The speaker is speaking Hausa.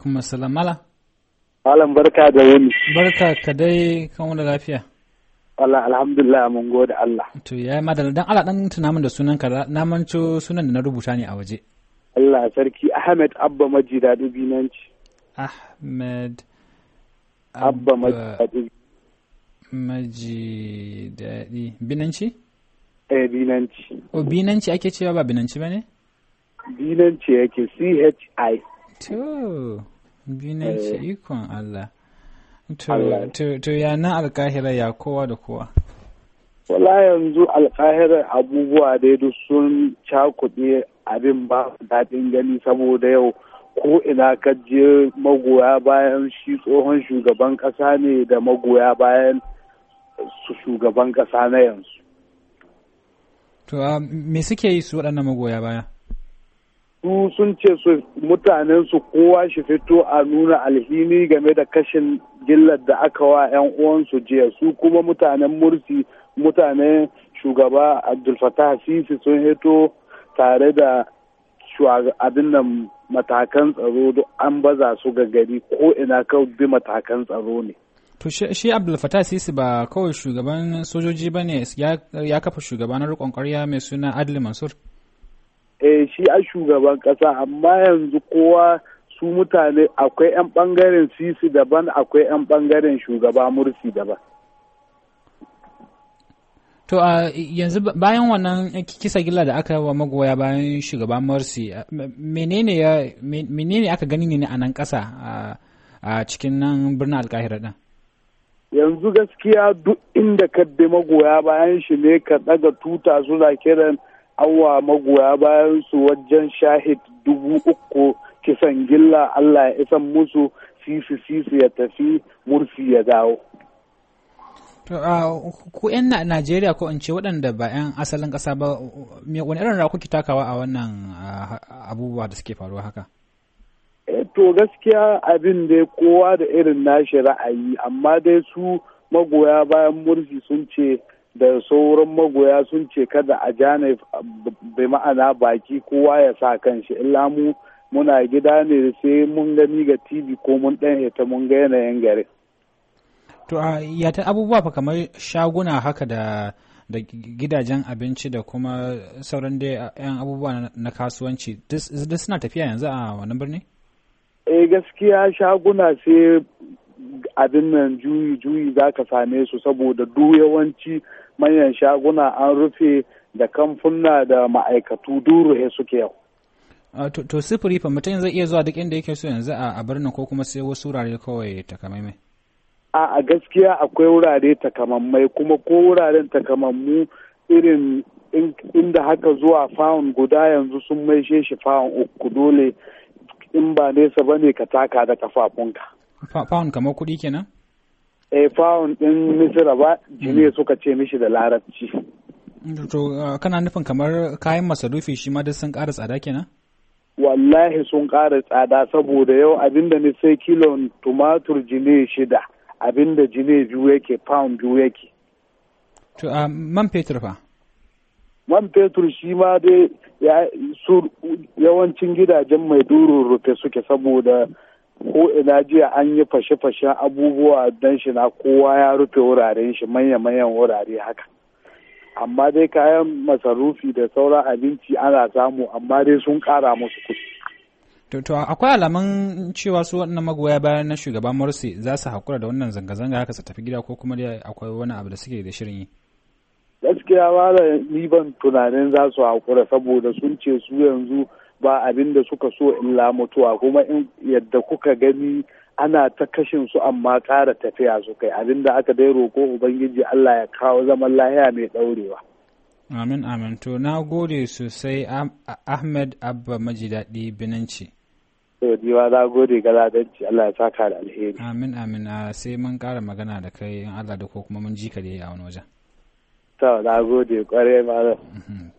alaikum assalam mala malam barka da wuni barka ka dai kan wani lafiya wala alhamdulillah mun gode Allah to ya yi madalla dan Allah dan tuna min da sunan ka na manco sunan da na rubuta ne a waje Allah sarki Ahmed Abba Maji da ci Ahmed Abba Maji Maji daɗi binanci? Eh binanci. O binanci ake cewa ba binanci ba ne? Binanci yake CHI. To, gina eh. ikon Allah. To, ya na alkahira ya kowa da kowa? Wala yanzu alkahira abubuwa dai duk sun cakuɗe abin ba daɗin gani saboda yau ko ina ka je magoya bayan shi tsohon shugaban ƙasa ne da magoya bayan su shugaban ƙasa na yanzu. To, ah, me suke yi su waɗannan magoya baya? su sun ce su mutanen su kowa shi fito a nuna alhini game da kashin gillar da aka wa 'yan uwansu jiya su kuma mutanen mursi mutanen shugaba abdulfatah sisi sun hito tare da abin matakan tsaro duk an baza su ga gari ko ina kawai bi matakan tsaro ne To shi Abdul fatah Sisi ba kawai shugaban sojoji ba ne ya kafa shugabanar ƙwanƙwarya mai suna Adli Mansur? eh shi a shugaban kasa amma yanzu kowa su mutane akwai 'yan bangaren sisi daban akwai 'yan bangaren shugaba mursi daban To a yanzu bayan wannan kisa gilla da aka wa magoya bayan shugaba Morsi menene aka gani ne a nan ƙasa a cikin nan birnin alkahira ɗin. Yanzu gaskiya duk inda ka bi magoya bayan shi ne ka ɗaga tuta suna kiran awa magoya bayan su wajen shahid dubu uku kisan gilla Allah ya isan musu sisi sisi ya tafi murfi ya dawo. to Ku 'yan Najeriya ko in ce waɗanda ba 'yan asalin ƙasa ba, wani irin kuke takawa a wannan abubuwa da suke faruwa haka? Eh, to gaskiya abin da kowa da irin nashi ra'ayi amma dai su magoya bayan murfi sun ce da sauran magoya sun ce kada a jane bai ma'ana baki kowa ya sa kanshi illa mu muna gida ne sai mun gani ga tv ko mun dan ta mun ga yanayin gari to a yata abubuwa fa kamar shaguna haka da da gidajen abinci da kuma sauran dai yan abubuwa na kasuwanci duk suna tafiya yanzu a wannan birni eh gaskiya shaguna sai abin nan juyi juyi za ka same su saboda duk yawanci manyan shaguna an rufe da kamfuna da ma'aikatu duruhe suke yau. Ah, to sifiri fa mutum zai iya zuwa duk inda yake so yanzu a birnin ko kuma sai wasu wurare kawai takamaimai. A gaskiya akwai wurare takamammai kuma ko wuraren takamammu irin inda haka zuwa fawon guda yanzu sun maishe shi fawon uku dole in ba nesa ba ne ka taka da kafafunka. Fawon kamar kuɗi kenan? Eh Fawon ɗin Misira ba jini hmm. suka ce mishi da larabci. To kana nufin kamar kayan masarufi shi ma duk sun ƙara tsada kenan? Wallahi sun ƙara tsada saboda yau abinda ni sai kilon tumatur jini shida abinda jini biyu yake pound biyu yake. To man fetur fa? man fetur shi ma dai yawancin gidajen mai durun rufe suke saboda ko ina jiya an yi fashe-fashen abubuwa don shi na kowa ya rufe wuraren shi manya-manyan wurare haka amma dai kayan masarufi da sauran abinci ana samu amma dai sun kara musu kuɗi. to akwai alamun cewa su waɗannan magoya bayan na shugaban morsi za su haƙura da wannan zanga-zanga haka su tafi gida ko kuma dai akwai wani abu da suke da shirin yi gaskiya ba da ni ban tunanin za su haƙura saboda sun ce su yanzu ba abin da suka so in lamutuwa kuma in yadda kuka gani ana ta kashin su amma ƙara tafiya su kai abin da aka dai roƙo ubangiji Allah ya kawo zaman lahiya mai ɗaurewa. Amin amin to na gode sosai Ahmed Abba Majidaɗi Binanci. To diwa na gode ga ladanci Allah ya saka da alheri. Amin amin sai mun ƙara magana da kai in Allah da ko kuma mun ji ka dai a wani wajen. To na gode ƙwarai malam. Mhm.